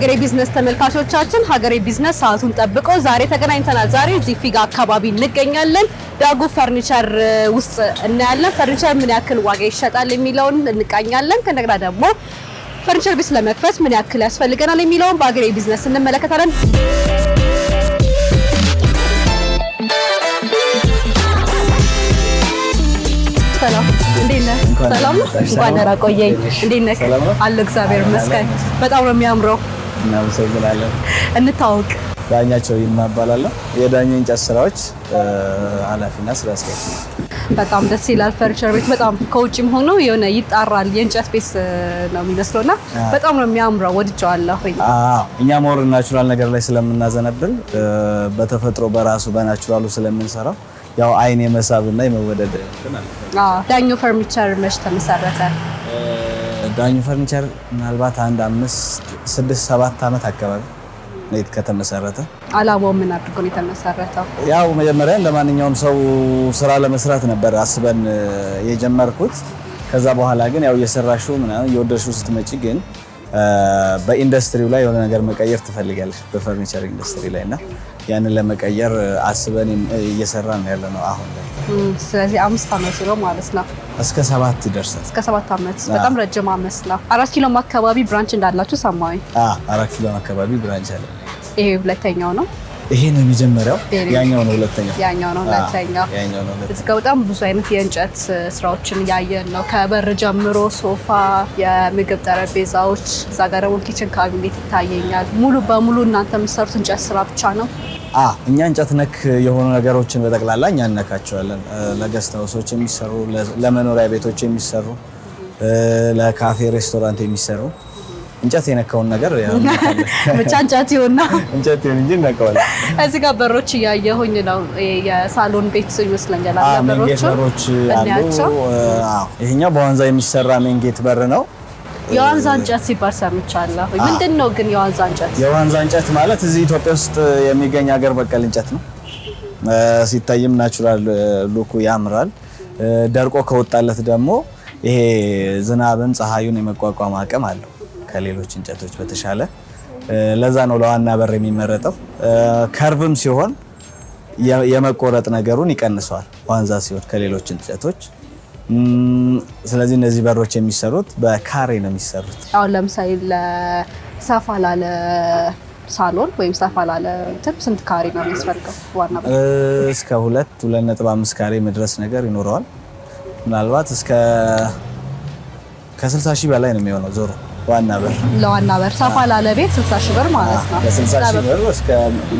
ሀገሬ ቢዝነስ ተመልካቾቻችን፣ ሀገሬ ቢዝነስ ሰዓቱን ጠብቆ ዛሬ ተገናኝተናል። ዛሬ እዚህ ፊጋ አካባቢ እንገኛለን። ዳጉ ፈርኒቸር ውስጥ እናያለን። ፈርኒቸር ምን ያክል ዋጋ ይሸጣል የሚለውን እንቃኛለን። ከነግራ ደግሞ ፈርኒቸር ቤት ለመክፈት ምን ያክል ያስፈልገናል የሚለውን በሀገሬ ቢዝነስ እንመለከታለን። ሰላም እንዴት ነህ? ሰላም እንኳን ደህና ቆየኝ። እንዴት ነህ? አለሁ፣ እግዚአብሔር ይመስገን። በጣም ነው የሚያምረው እናመሰግናለን። እንታወቅ። ዳኛቸው ይልማ እባላለሁ። የዳኘ እንጨት ስራዎች ኃላፊና ስራ አስኪያጅ። በጣም ደስ ይላል። ፈርኒቸር ቤት በጣም ከውጭም ሆኖ የሆነ ይጣራል። የእንጨት ቤት ነው የሚመስለው እና በጣም ነው የሚያምረው። ወድጀዋለሁ። እኛ ሞር ናቹራል ነገር ላይ ስለምናዘነብል በተፈጥሮ በራሱ በናቹራሉ ስለምንሰራው ያው አይን የመሳብና የመወደድ ዳኘ ፈርኒቸር መች ተመሰረተ? ዳኙ ፈርኒቸር ምናልባት አንድ አምስት ስድስት ሰባት ዓመት አካባቢ ነው ከተመሰረተ። አላማው ምን አድርጎ ነው የተመሰረተው? ያው መጀመሪያ ለማንኛውም ሰው ስራ ለመስራት ነበር አስበን የጀመርኩት። ከዛ በኋላ ግን ያው እየሰራሹ ምናምን እየወደድሹ ስትመጪ ግን በኢንዱስትሪው ላይ የሆነ ነገር መቀየር ትፈልጋለች በፈርኒቸር ኢንዱስትሪ ላይ እና ያንን ለመቀየር አስበን ነው ያለ ነው አሁን ላይ። ስለዚህ አምስት ዓመት ነው ማለት ነው። እስከ ሰባት ይደርሳል። እስከ ሰባት ዓመት በጣም ረጅም ዓመት ነው። አራት ኪሎም አካባቢ ብራንች እንዳላችሁ ሰማዊ አራት ኪሎም አካባቢ ብራንች አለ። ይሄ ሁለተኛው ነው። ይሄ ነው የመጀመሪያው፣ ያኛው ነው ሁለተኛው፣ ያኛው ነው ሁለተኛው። እዚህ ጋር በጣም ብዙ አይነት የእንጨት ስራዎችን እያየን ነው። ከበር ጀምሮ ሶፋ፣ የምግብ ጠረጴዛዎች፣ እዛ ጋር ደግሞ ኪችን ካቢኔት ይታየኛል። ሙሉ በሙሉ እናንተ የምትሰሩት እንጨት ስራ ብቻ ነው? እኛ እንጨት ነክ የሆኑ ነገሮችን በጠቅላላ እኛ እነካቸዋለን። ለገስት ሀውሶች የሚሰሩ ለመኖሪያ ቤቶች የሚሰሩ ለካፌ ሬስቶራንት የሚሰሩ እንጨት የነካውን ነገር ብቻ እንጨት ይሆና እንጨት ይሆን እንጂ እነካዋለን። እዚህ ጋር በሮች እያየሁኝ ነው። የሳሎን ቤት ይመስለኛል። ሜንጌት በሮች አሉ። ይሄኛው በዋንዛ የሚሰራ ሜንጌት በር ነው። የዋንዛ እንጨት ሲባል ሰምቻለሁ። ምንድን ነው ግን የዋንዛ እንጨት? የዋንዛ እንጨት ማለት እዚህ ኢትዮጵያ ውስጥ የሚገኝ ሀገር በቀል እንጨት ነው። ሲታይም ናቹራል ሉኩ ያምራል። ደርቆ ከወጣለት ደግሞ ይሄ ዝናብን ፀሐዩን የመቋቋም አቅም አለው። ከሌሎች እንጨቶች በተሻለ ለዛ ነው ለዋና በር የሚመረጠው። ከርቭም ሲሆን የመቆረጥ ነገሩን ይቀንሰዋል ዋንዛ ሲሆን ከሌሎች እንጨቶች። ስለዚህ እነዚህ በሮች የሚሰሩት በካሬ ነው የሚሰሩት። አሁን ለምሳሌ ለሰፋ ላለ ሳሎን ወይም ሰፋ ላለ እንትን ስንት ካሬ ነው የሚያስፈልገው? ዋና እስከ ሁለት ሁለት ነጥብ አምስት ካሬ መድረስ ነገር ይኖረዋል። ምናልባት እስከ ከስልሳ ሺህ በላይ ነው የሚሆነው ዞሮ ዋና በር ለዋና በር ሰፋ ላለ ቤት 60 ሺህ ብር ማለት ነው። ከ60 ሺህ ብር እስከ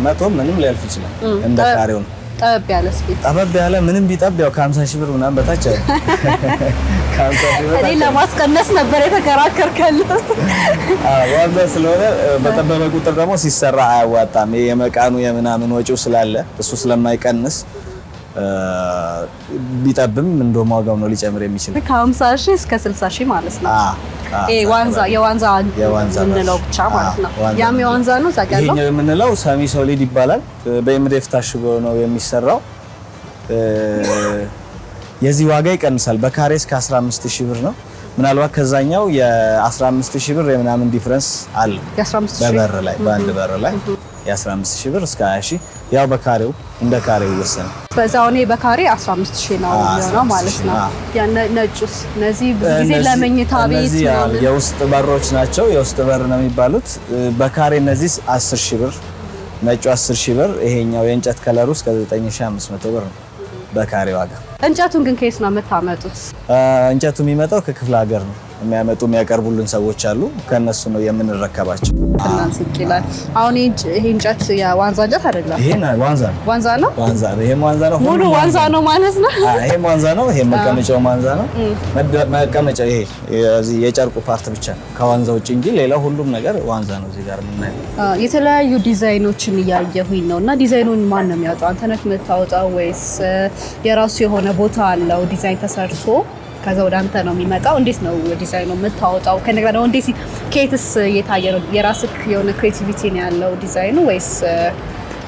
100 ምንም ሊያልፍ ይችላል። እንደ ጣሪው ነው። ጠበብ ያለ ስፒድ ጠበብ ያለ ምንም ቢጠብ ያው ከ50 ሺህ ብር ምናምን በታች አይደል? አለ። እኔ ለማስቀነስ ነበር አዎ ዋጋ ስለሆነ በጠበበ ቁጥር ደግሞ ሲሰራ አያዋጣም። የመቃኑ የምናምን ወጪው ስላለ እሱ ስለማይቀንስ ቢጠብም እንደውም ዋጋው ነው ሊጨምር የሚችል ከ50 ሺህ እስከ 60 ሺህ ማለት ነው። ዋንዛ የዋንዛ የምንለው ብቻ ማለት ነው። ያም የዋንዛ ነው። ዛ ያለው ይሄኛው የምንለው ሰሚ ሶሊድ ይባላል። በኤምዴፍ ታሽጎ ነው የሚሰራው። የዚህ ዋጋ ይቀንሳል። በካሬ እስከ 15 ሺህ ብር ነው። ምናልባት ከዛኛው የ15 ሺህ ብር የምናምን ዲፍረንስ አለ በበር ላይ በአንድ በር ላይ የ15 ሺህ ብር እስከ 20 ሺህ ያው በካሬው እንደ ካሬው ይወሰናል። በዛው እኔ በካሬ 15 ሺህ ነው የሚሆነው ማለት ነው። ነጩስ እነዚህ ብዙ ጊዜ ለመኝታ ቤት የውስጥ በሮች ናቸው። የውስጥ በር ነው የሚባሉት። በካሬ እነዚህ 10 ሺህ ብር ነጩ 10 ሺህ ብር፣ ይሄኛው የእንጨት ከለሩ እስከ 9500 ብር ነው በካሬ ዋጋ። እንጨቱን ግን ከየት ነው የምታመጡት? እንጨቱ የሚመጣው ከክፍለ ሀገር ነው የሚያመጡ የሚያቀርቡልን ሰዎች አሉ። ከነሱ ነው የምንረከባቸው። አሁን ይሄ እንጨት ዋንዛ እንጨት አይደለም፣ ዋንዛ ነው። ዋንዛ ነው። ይሄም ዋንዛ ነው። ሙሉ ዋንዛ ነው ማለት ነው። ይሄም ዋንዛ ነው። ይሄም መቀመጫው ዋንዛ ነው። መቀመጫው ይሄ የጨርቁ ፓርት ብቻ ነው ከዋንዛ ውጭ እንጂ ሌላ ሁሉም ነገር ዋንዛ ነው። እዚህ ጋር የምናየው የተለያዩ ዲዛይኖችን እያየሁኝ ነው። እና ዲዛይኑን ማን ነው የሚያወጣው? አንተ ነህ የምታወጣው ወይስ የራሱ የሆነ ቦታ አለው ዲዛይን ተሰርቶ ከዛ ወደ አንተ ነው የሚመጣው። እንዴት ነው ዲዛይኑ የምታወጣው? ከእንደገና ነው እንዴት ከየትስ እየታየ ነው? የሆነ ክሬቲቪቲ ነው ያለው ዲዛይኑ ወይስ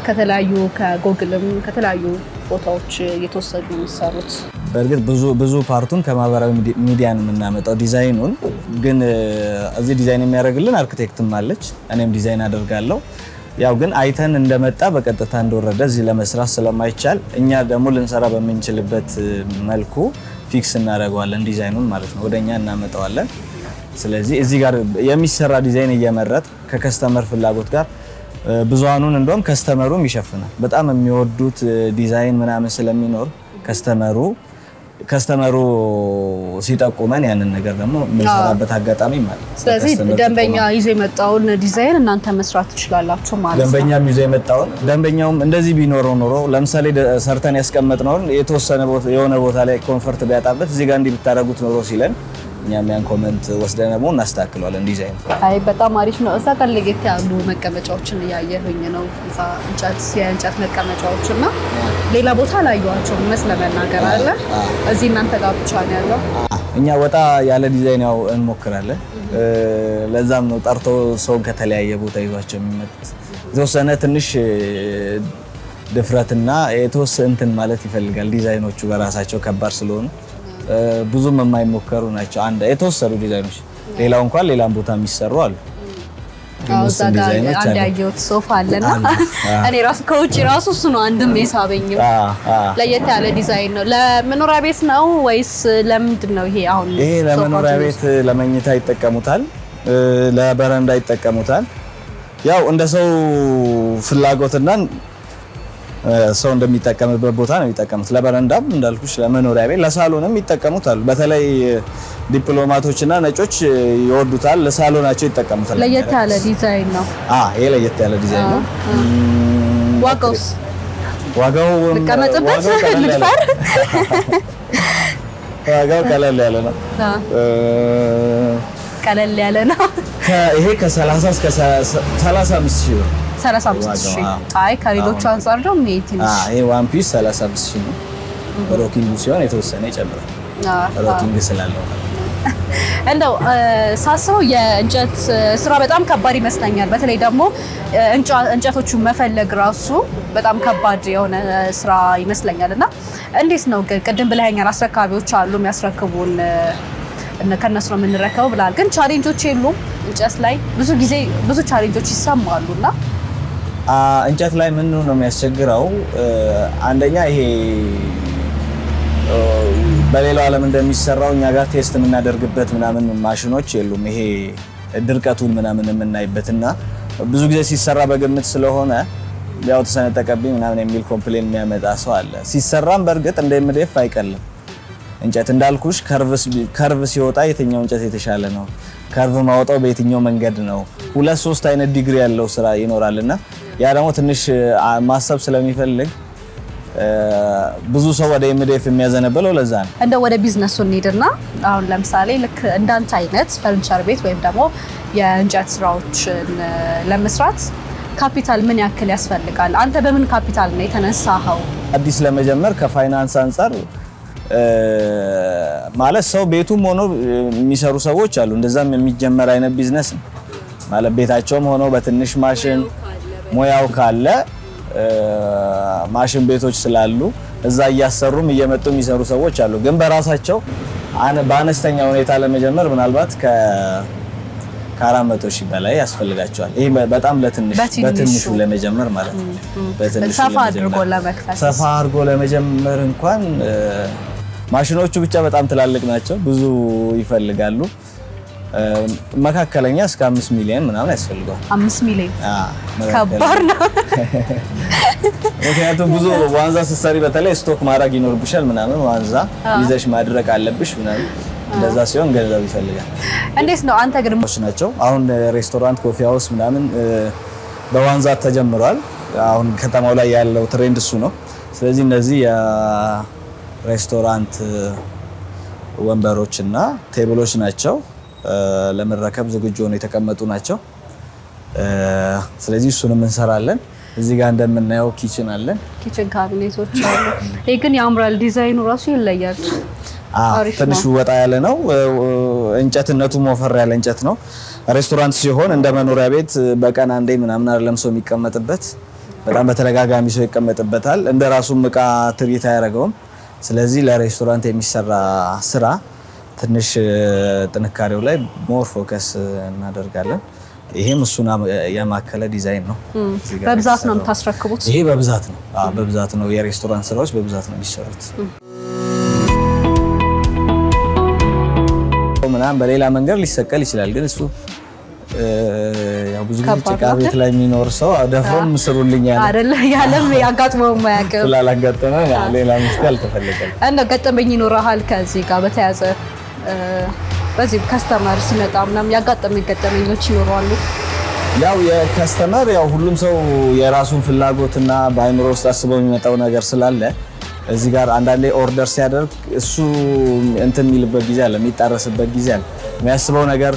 ከተለያዩ ከጎግልም ከተለያዩ ቦታዎች እየተወሰዱ የሚሰሩት? በእርግጥ ብዙ ብዙ ፓርቱን ከማህበራዊ ሚዲያ ነው የምናመጣው ዲዛይኑን። ግን እዚህ ዲዛይን የሚያደርግልን አርክቴክትም አለች፣ እኔም ዲዛይን አደርጋለሁ። ያው ግን አይተን እንደመጣ በቀጥታ እንደወረደ እዚህ ለመስራት ስለማይቻል እኛ ደግሞ ልንሰራ በምንችልበት መልኩ ፊክስ እናደርገዋለን፣ ዲዛይኑን ማለት ነው። ወደኛ እናመጣዋለን። ስለዚህ እዚህ ጋር የሚሰራ ዲዛይን እየመረጥ ከከስተመር ፍላጎት ጋር ብዙሃኑን እንደውም ከስተመሩም ይሸፍናል። በጣም የሚወዱት ዲዛይን ምናምን ስለሚኖር ከስተመሩ ከስተመሩ ሲጠቁመን ያንን ነገር ደግሞ የምንሰራበት አጋጣሚ ማለት ስለዚህ ደንበኛ ይዞ የመጣውን ዲዛይን እናንተ መስራት ትችላላችሁ ማለት ደንበኛም ይዞ የመጣውን ደንበኛውም እንደዚህ ቢኖረው ኖሮ ለምሳሌ ሰርተን ያስቀመጥነውን የተወሰነ የሆነ ቦታ ላይ ኮንፈርት ቢያጣበት እዚህ ጋር እንዲህ ኖሮ ሲለን እኛም ያን ኮመንት ወስደን ደግሞ እናስተካክለዋለን። ዲዛይን አይ በጣም አሪፍ ነው። እዛ ጋር ለየት ያሉ መቀመጫዎችን እያየሁኝ ነው። እዛ እንጨት የእንጨት መቀመጫዎች እና ሌላ ቦታ አላየኋቸውም መስለ መናገር አለ እዚህ እናንተ ጋር ብቻ ነው ያለው። እኛ ወጣ ያለ ዲዛይን ያው እንሞክራለን። ለዛም ነው ጠርቶ ሰውን ከተለያየ ቦታ ይዟቸው የሚመጡት። የተወሰነ ትንሽ ድፍረትና እንትን ማለት ይፈልጋል ዲዛይኖቹ በራሳቸው ከባድ ስለሆኑ ብዙም የማይሞከሩ ናቸው። አንድ የተወሰኑ ዲዛይኖች፣ ሌላው እንኳን ሌላም ቦታ የሚሰሩ አሉ። አንድ ያየሁት ሶፋ አለና እኔ ራሱ ከውጭ ራሱ እሱ ነው አንድም የሳበኝ። ለየት ያለ ዲዛይን ነው። ለመኖሪያ ቤት ነው ወይስ ለምንድን ነው ይሄ? አሁን ይሄ ለመኖሪያ ቤት ለመኝታ ይጠቀሙታል፣ ለበረንዳ ይጠቀሙታል። ያው እንደ ሰው ፍላጎትና ሰው እንደሚጠቀምበት ቦታ ነው የሚጠቀሙት። ለበረንዳም እንዳልኩሽ፣ ለመኖሪያ ቤት፣ ለሳሎንም ይጠቀሙታል። በተለይ ዲፕሎማቶችና ነጮች ይወዱታል። ለሳሎናቸው ይጠቀሙታል። ለየት ያለ ዲዛይን ነው። አዎ ይሄ ለየት ያለ ዲዛይን ነው። ዋጋውስ? ዋጋው ልቀመጥበት ልፈር ዋጋው ቀለል ያለ ነው። ቀለል ያለ ነው። ይሄ ከ30 እስከ 35 ሺህ ነው። 35 አይ ከሌሎቹ አንጻር ደግሞ ይሄ ትንሽ ዋን ፒስ 35 ሺህ ነው። ሲሆን የተወሰነ ይጨምራል። ሮኪንግ ስላለው እንደው ሳስበው የእንጨት ስራ በጣም ከባድ ይመስለኛል። በተለይ ደግሞ እንጨቶቹን መፈለግ ራሱ በጣም ከባድ የሆነ ስራ ይመስለኛል እና እንዴት ነው ቅድም ብለኸኛል፣ አስረካቢዎች አሉ የሚያስረክቡን ነው የምንረከበው ብላል። ግን ቻሌንጆች የሉም እንጨት ላይ ብዙ ጊዜ ብዙ ቻሌንጆች ይሰማሉ እና እንጨት ላይ ምን ነው የሚያስቸግረው? አንደኛ ይሄ በሌላው ዓለም እንደሚሰራው እኛ ጋር ቴስት የምናደርግበት ምናምን ማሽኖች የሉም። ይሄ ድርቀቱን ምናምን የምናይበት ብዙ ጊዜ ሲሰራ በግምት ስለሆነ ያው ተሰነጠቀብኝ ምናምን የሚል ኮምፕሌን የሚያመጣ ሰው አለ። ሲሰራም በእርግጥ እንደ አይቀልም። እንጨት እንዳልኩሽ ከርቭ ሲወጣ የትኛው እንጨት የተሻለ ነው፣ ከርቭ ማወጣው በየትኛው መንገድ ነው፣ ሁለት ሶስት አይነት ዲግሪ ያለው ስራ ይኖራልና? ያ ደግሞ ትንሽ ማሰብ ስለሚፈልግ ብዙ ሰው ወደ ኤምዲኤፍ የሚያዘነበለው ለዛ ነው። እንደ ወደ ቢዝነሱ እንሂድና አሁን ለምሳሌ ልክ እንዳንተ አይነት ፈርኒቸር ቤት ወይም ደግሞ የእንጨት ስራዎችን ለመስራት ካፒታል ምን ያክል ያስፈልጋል? አንተ በምን ካፒታል ነው የተነሳኸው? አዲስ ለመጀመር ከፋይናንስ አንጻር ማለት ሰው ቤቱም ሆኖ የሚሰሩ ሰዎች አሉ። እንደዛም የሚጀመር አይነት ቢዝነስ ነው ማለት ቤታቸውም ሆኖ በትንሽ ማሽን ሙያው ካለ ማሽን ቤቶች ስላሉ እዛ እያሰሩም እየመጡ የሚሰሩ ሰዎች አሉ። ግን በራሳቸው በአነስተኛ ሁኔታ ለመጀመር ምናልባት ከአራት መቶ ሺህ በላይ ያስፈልጋቸዋል። ይህ በጣም ለትንሽ በትንሹ ለመጀመር ማለት ነው። ሰፋ አድርጎ ለመጀመር እንኳን ማሽኖቹ ብቻ በጣም ትላልቅ ናቸው፣ ብዙ ይፈልጋሉ። መካከለኛ እስከ አምስት ሚሊዮን ምናምን ያስፈልገዋል። አምስት ሚሊዮን ከባድ ነው። ምክንያቱም ብዙ ዋንዛ ስትሰሪ በተለይ ስቶክ ማድረግ ይኖርብሻል ምናምን ዋንዛ ይዘሽ ማድረግ አለብሽ ምናምን እንደዛ ሲሆን ገንዘብ ይፈልጋል። እንዴት ነው አንተ ግድሞች ናቸው አሁን ሬስቶራንት ኮፊ ሀውስ ምናምን በዋንዛ ተጀምሯል። አሁን ከተማው ላይ ያለው ትሬንድ እሱ ነው። ስለዚህ እነዚህ የሬስቶራንት ወንበሮች እና ቴብሎች ናቸው ለመረከብ ዝግጁ ሆነው የተቀመጡ ናቸው። ስለዚህ እሱንም እንሰራለን። እዚህ ጋር እንደምናየው ኪችን አለን፣ ኪችን ካቢኔቶች አሉ። ይህ ግን ያምራል፣ ዲዛይኑ ራሱ ይለያል። ትንሽ ወጣ ያለ ነው። እንጨትነቱ ሞፈር ያለ እንጨት ነው። ሬስቶራንት ሲሆን እንደ መኖሪያ ቤት በቀን አንዴ ምናምን አይደለም ሰው የሚቀመጥበት፣ በጣም በተደጋጋሚ ሰው ይቀመጥበታል። እንደ ራሱም እቃ ትርኢት አያደርገውም። ስለዚህ ለሬስቶራንት የሚሰራ ስራ ትንሽ ጥንካሬው ላይ ሞር ፎከስ እናደርጋለን። ይሄም እሱን የማከለ ዲዛይን ነው። በብዛት ነው የምታስረክቡት? ይሄ በብዛት ነው በብዛት ነው የሬስቶራንት ስራዎች በብዛት ነው የሚሰሩት። ምናምን በሌላ መንገድ ሊሰቀል ይችላል፣ ግን እሱ ብዙ ጊዜ ጭቃ ቤት ላይ የሚኖር ሰው ደፍሮም ስሩልኝ ያለም ያጋጥመው ማያቅም ስላላጋጠመ ሌላ ምስ አልተፈለገም። እንደው ገጠመኝ ይኖረሃል ከዚህ ጋር በተያያዘ በዚህ ከስተመር ሲመጣ ምናምን ያጋጠመኝ ገጠመኞች ይኖረዋሉ። ያው የከስተመር ያው ሁሉም ሰው የራሱን ፍላጎትና በአይምሮ ውስጥ አስበው የሚመጣው ነገር ስላለ እዚህ ጋር አንዳንዴ ኦርደር ሲያደርግ እሱ እንትን የሚልበት ጊዜ አለ፣ የሚጣረስበት ጊዜ አለ። የሚያስበው ነገር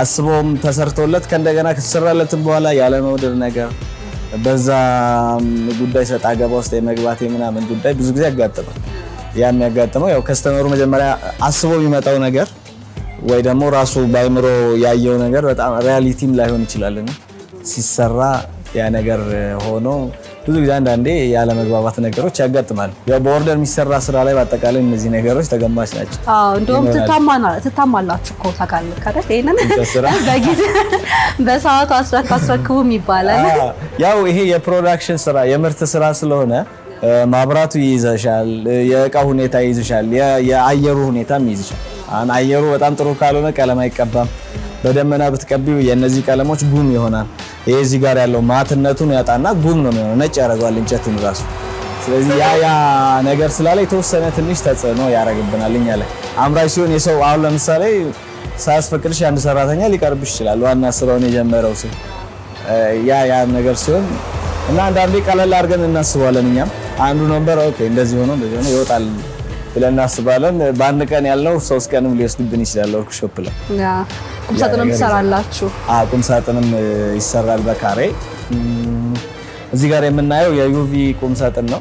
አስበውም ተሰርቶለት ከእንደገና ከተሰራለትም በኋላ ያለመውደድ ነገር በዛ ጉዳይ ሰጣ ገባ ውስጥ የመግባት ምናምን ጉዳይ ብዙ ጊዜ ያጋጥማል። ያ የሚያጋጥመው ያው ከስተመሩ መጀመሪያ አስቦ የሚመጣው ነገር ወይ ደግሞ ራሱ ባይምሮ ያየው ነገር በጣም ሪያሊቲም ላይሆን ይችላል። ሲሰራ ያ ነገር ሆኖ ብዙ ጊዜ አንዳንዴ ያለመግባባት ነገሮች ያጋጥማል። ያው በኦርደር የሚሰራ ስራ ላይ በአጠቃላይ እነዚህ ነገሮች ተገማች ናቸው። እንዲሁም ትታማላችሁ እኮ ታውቃለህ በሰዓቱ ይባላል። ያው ይሄ የፕሮዳክሽን ስራ የምርት ስራ ስለሆነ ማብራቱ ይይዘሻል፣ የእቃ ሁኔታ ይይዝሻል፣ የአየሩ ሁኔታም ይይዝሻል። አሁን አየሩ በጣም ጥሩ ካልሆነ ቀለም አይቀባም። በደመና ብትቀቢው የእነዚህ ቀለሞች ጉም ይሆናል። ይህ እዚህ ጋር ያለው ማትነቱን ያጣና ጉም ነው የሚሆነው፣ ነጭ ያደርገዋል እንጨቱን ራሱ። ስለዚህ ያ ያ ነገር ስላለ የተወሰነ ትንሽ ተጽዕኖ ያደርግብናል እኛ ላይ አምራች ሲሆን የሰው አሁን ለምሳሌ ሳያስፈቅድሽ አንድ ሰራተኛ ሊቀርብሽ ይችላል። ዋና ስራውን የጀመረው ሰው ያ ያ ነገር ሲሆን እና አንዳንዴ ቀለል አድርገን እናስበዋለን እኛም አንዱ ነበር። ኦኬ እንደዚህ ሆኖ እንደዚህ ሆኖ ይወጣል ብለን እናስባለን። በአንድ ቀን ያልነው ሶስት ቀንም ሊወስድብን ይችላል። ወርክሾፕ ላይ ቁምሳጥንም ትሰራላችሁ? ቁምሳጥንም ይሰራል በካሬ እዚህ ጋር የምናየው የዩቪ ቁምሳጥን ነው።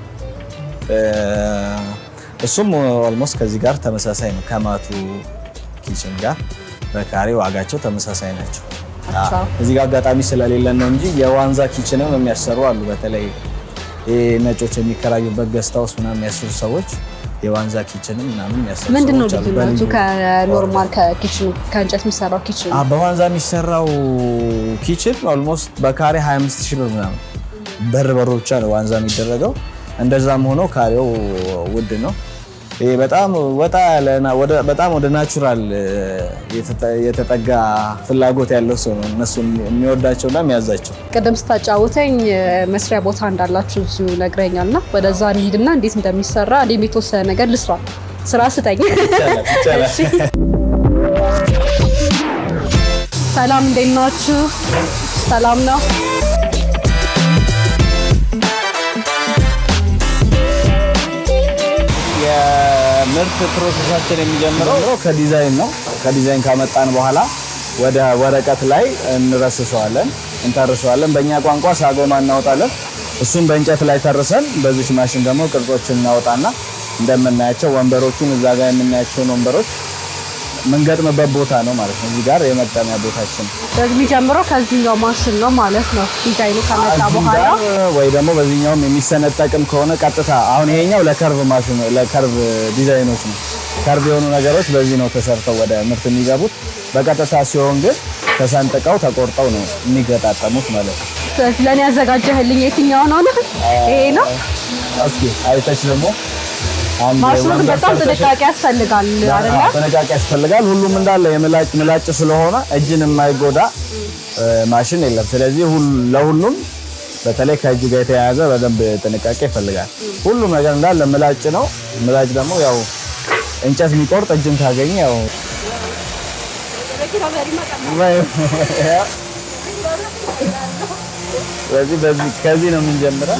እሱም ኦልሞስት ከዚህ ጋር ተመሳሳይ ነው። ከማቱ ኪችን ጋር በካሬ ዋጋቸው ተመሳሳይ ናቸው። እዚህ ጋር አጋጣሚ ስለሌለን ነው እንጂ የዋንዛ ኪችንም የሚያሰሩ አሉ በተለይ ነጮች የሚከራዩበት ገስት ውስጥ ምናምን የሚያስሩ ሰዎች የዋንዛ ኪችን ምናምን የሚያስሩ ምንድን ነው ልዩነቱ ከኖርማል ከእንጨት የሚሰራው ኪችን? በዋንዛ የሚሰራው ኪችን ኦልሞስት በካሬ 25 ሺህ ብር ምናምን በር በሩ ብቻ ነው ዋንዛ የሚደረገው። እንደዛም ሆኖ ካሬው ውድ ነው። በጣም ወጣ ያለና በጣም ወደ ናቹራል የተጠጋ ፍላጎት ያለው ሰው ነው እነሱ የሚወዳቸውና የሚያዛቸው። ቅድም ስታጫውተኝ መስሪያ ቦታ እንዳላችሁ እዚሁ ነግረኛል እና ወደዛ እንሂድና እንዴት እንደሚሰራ እኔም የተወሰነ ነገር ልስራ ስራ ስጠኝ። ሰላም እንዴት ናችሁ? ሰላም ነው። የምርት ፕሮሰሳችን የሚጀምረው ከዲዛይን ነው። ከዲዛይን ካመጣን በኋላ ወደ ወረቀት ላይ እንረስሰዋለን፣ እንተርሰዋለን። በእኛ ቋንቋ ሳጎማ እናወጣለን። እሱም በእንጨት ላይ ተርሰን በዚች ማሽን ደግሞ ቅርጾችን እናወጣና እንደምናያቸው ወንበሮቹን እዛ ጋር የምናያቸውን ወንበሮች የምንገጥምበት ቦታ ነው ማለት ነው። እዚህ ጋር የመጠሚያ ቦታችን የሚጀምረው ከዚህኛው ማሽን ነው ማለት ነው። ዲዛይኑ ከመጣ በኋላ ወይ ደግሞ በዚህኛውም የሚሰነጠቅም ከሆነ ቀጥታ አሁን ይሄኛው ለከርቭ ማሽኑ ለከርቭ ዲዛይኖች ነው። ከርቭ የሆኑ ነገሮች በዚህ ነው ተሰርተው ወደ ምርት የሚገቡት። በቀጥታ ሲሆን ግን ተሰንጥቀው ተቆርጠው ነው የሚገጣጠሙት ማለት ነው። ስለዚህ ለእኔ ያዘጋጀህልኝ የትኛው ነው? ይሄ ነው። እስኪ አይተች ደግሞ ማሽኑን በጣም ጥንቃቄ ያስፈልጋል አይደለ? ጥንቃቄ ያስፈልጋል። ሁሉም እንዳለ የምላጭ ምላጭ ስለሆነ እጅን የማይጎዳ ማሽን የለም። ስለዚህ ለሁሉም በተለይ ከእጅ ጋር የተያያዘ በደንብ ጥንቃቄ ይፈልጋል። ሁሉም ነገር እንዳለ ምላጭ ነው። ምላጭ ደግሞ ያው እንጨት የሚቆርጥ እጅን ካገኘ ያው ስለዚህ ከዚህ ነው የምንጀምረው።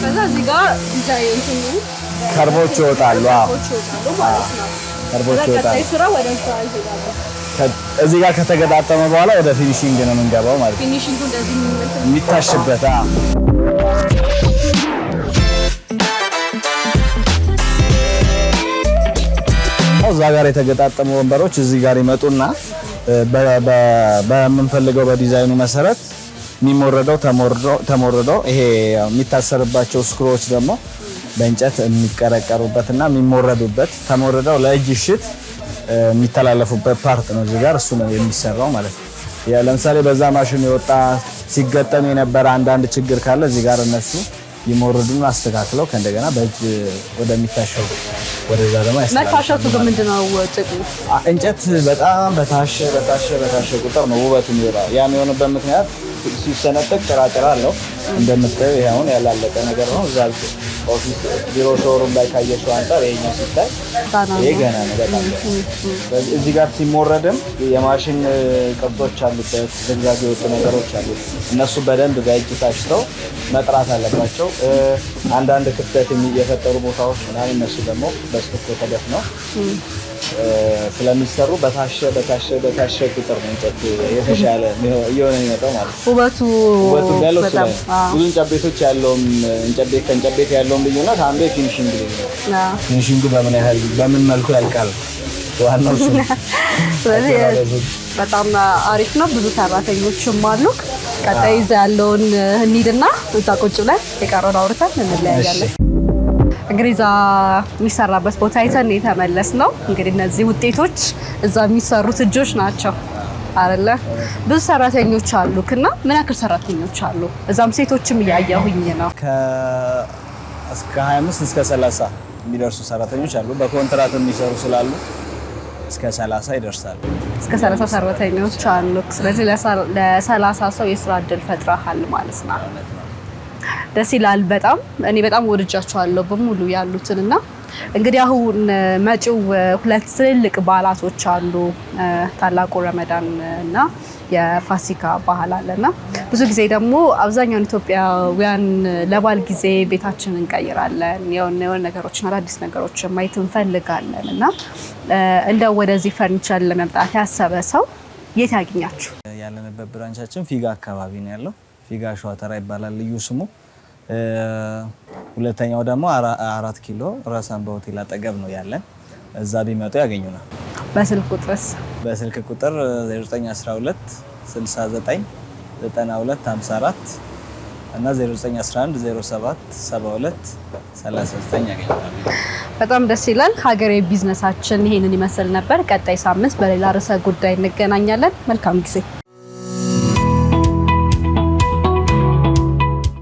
ከዛ እዚህ ጋር ከርቦች ይወጣሉ። አዎ ከርቦች ይወጣሉ። እዚህ ጋር ከተገጣጠመ በኋላ ወደ ፊኒሺንግ ነው የምንገባው ማለት ነው። የሚታሽበት እዛ ጋር የተገጣጠሙ ወንበሮች እዚህ ጋር ይመጡና በምንፈልገው በዲዛይኑ መሰረት የሚሞረደው ተሞርዶ ይሄ የሚታሰርባቸው ስክሮች ደግሞ በእንጨት የሚቀረቀሩበትና የሚሞረዱበት ተሞርደው ለእጅ እሽት የሚተላለፉበት ፓርት ነው። እዚህ ጋር እሱ ነው የሚሰራው ማለት ነው። ለምሳሌ በዛ ማሽን የወጣ ሲገጠም የነበረ አንዳንድ ችግር ካለ እዚህ ጋር እነሱ ይሞርዱን አስተካክለው ከእንደገና በእጅ ወደሚታሸው ወደዛ ደግሞ መታሸቱ ምንድን ጥቅሙ? እንጨት በጣም በታሸ በታሸ በታሸ ቁጥር ነው ውበቱ የሚወጣ። ያም የሆነበት ምክንያት ሲሰነጠቅ ጭራጭራ አለው እንደምታዩ ይሄ አሁን ያላለቀ ነገር ነው። እዛ ኦፊስ ቢሮ ሾሩም ላይ ካየሽው አንጻር ይሄኛው ሲታይ ይሄ ገና ነው በጣም እዚህ ጋር ሲሞረድም የማሽን ቅርጾች አሉበት፣ ዝግዛግ የወጡ ነገሮች አሉ። እነሱ በደንብ በእጅ ታሽተው መጥራት አለባቸው። አንዳንድ ክፍተት የፈጠሩ ቦታዎች ምናምን እነሱ ደግሞ በስክቶ ተደፍነው ስለሚሰሩ በታሸ በታሸ በታሸ ቁጥር ነው እንጨት የተሻለ እየሆነ የሚመጣው ማለት ነው። ውበቱ በጣም ብዙ እንጨት ቤቶች ያለውም እንጨት ቤት ከእንጨት ቤት ያለውም ልዩነት አንዱ የፊኒሽንግ ልዩነት ነው። ፊኒሽንጉ በምን ያህል በምን መልኩ ያልቃል ዋናው በጣም አሪፍ ነው። ብዙ ሰራተኞችም አሉ። ቀጣይ ይዘህ ያለውን እንሂድና እዛ ቁጭ ብለን የቀረውን አውርተን እንለያያለን። እንግዲህ እዛ የሚሰራበት ቦታ አይተን የተመለስ ነው። እንግዲህ እነዚህ ውጤቶች እዛ የሚሰሩት እጆች ናቸው አለ ብዙ ሰራተኞች አሉ ክና ምን ያክል ሰራተኞች አሉ? እዛም ሴቶችም እያየሁኝ ነው። እስከ 25 እስከ 30 የሚደርሱ ሰራተኞች አሉ። በኮንትራት የሚሰሩ ስላሉ እስከ 30 ይደርሳሉ። እስከ 30 ሰራተኞች አሉ። ስለዚህ ለ30 ሰው የስራ እድል ፈጥረሃል ማለት ነው። ደስ ይላል በጣም እኔ በጣም ወድጃቸዋለሁ በሙሉ ያሉትን እና እንግዲህ አሁን መጪው ሁለት ትልልቅ በዓላቶች አሉ። ታላቁ ረመዳን እና የፋሲካ ባህል አለ ብዙ ጊዜ ደግሞ አብዛኛውን ኢትዮጵያውያን ለባል ጊዜ ቤታችን እንቀይራለን፣ የሆነ ነገሮችን አዳዲስ ነገሮች ማየት እንፈልጋለን እና እንደው ወደዚህ ፈርኒቸር ለመምጣት ያሰበ ሰው የት ያገኛችሁ? ያለንበት ብራንቻችን ፊጋ አካባቢ ነው ያለው። ፊጋ ሸዋተራ ይባላል ልዩ ስሙ ሁለተኛው ደግሞ አራት ኪሎ ረሰን በሆቴል አጠገብ ነው ያለን። እዛ ቢመጡ ያገኙናል። በስልክ ቁጥርስ? በስልክ ቁጥር 0912 69 92 54 እና 0911 07 72 39 ያገኙናል። በጣም ደስ ይላል። ሀገሬ ቢዝነሳችን ይሄንን ይመስል ነበር። ቀጣይ ሳምንት በሌላ ርዕሰ ጉዳይ እንገናኛለን። መልካም ጊዜ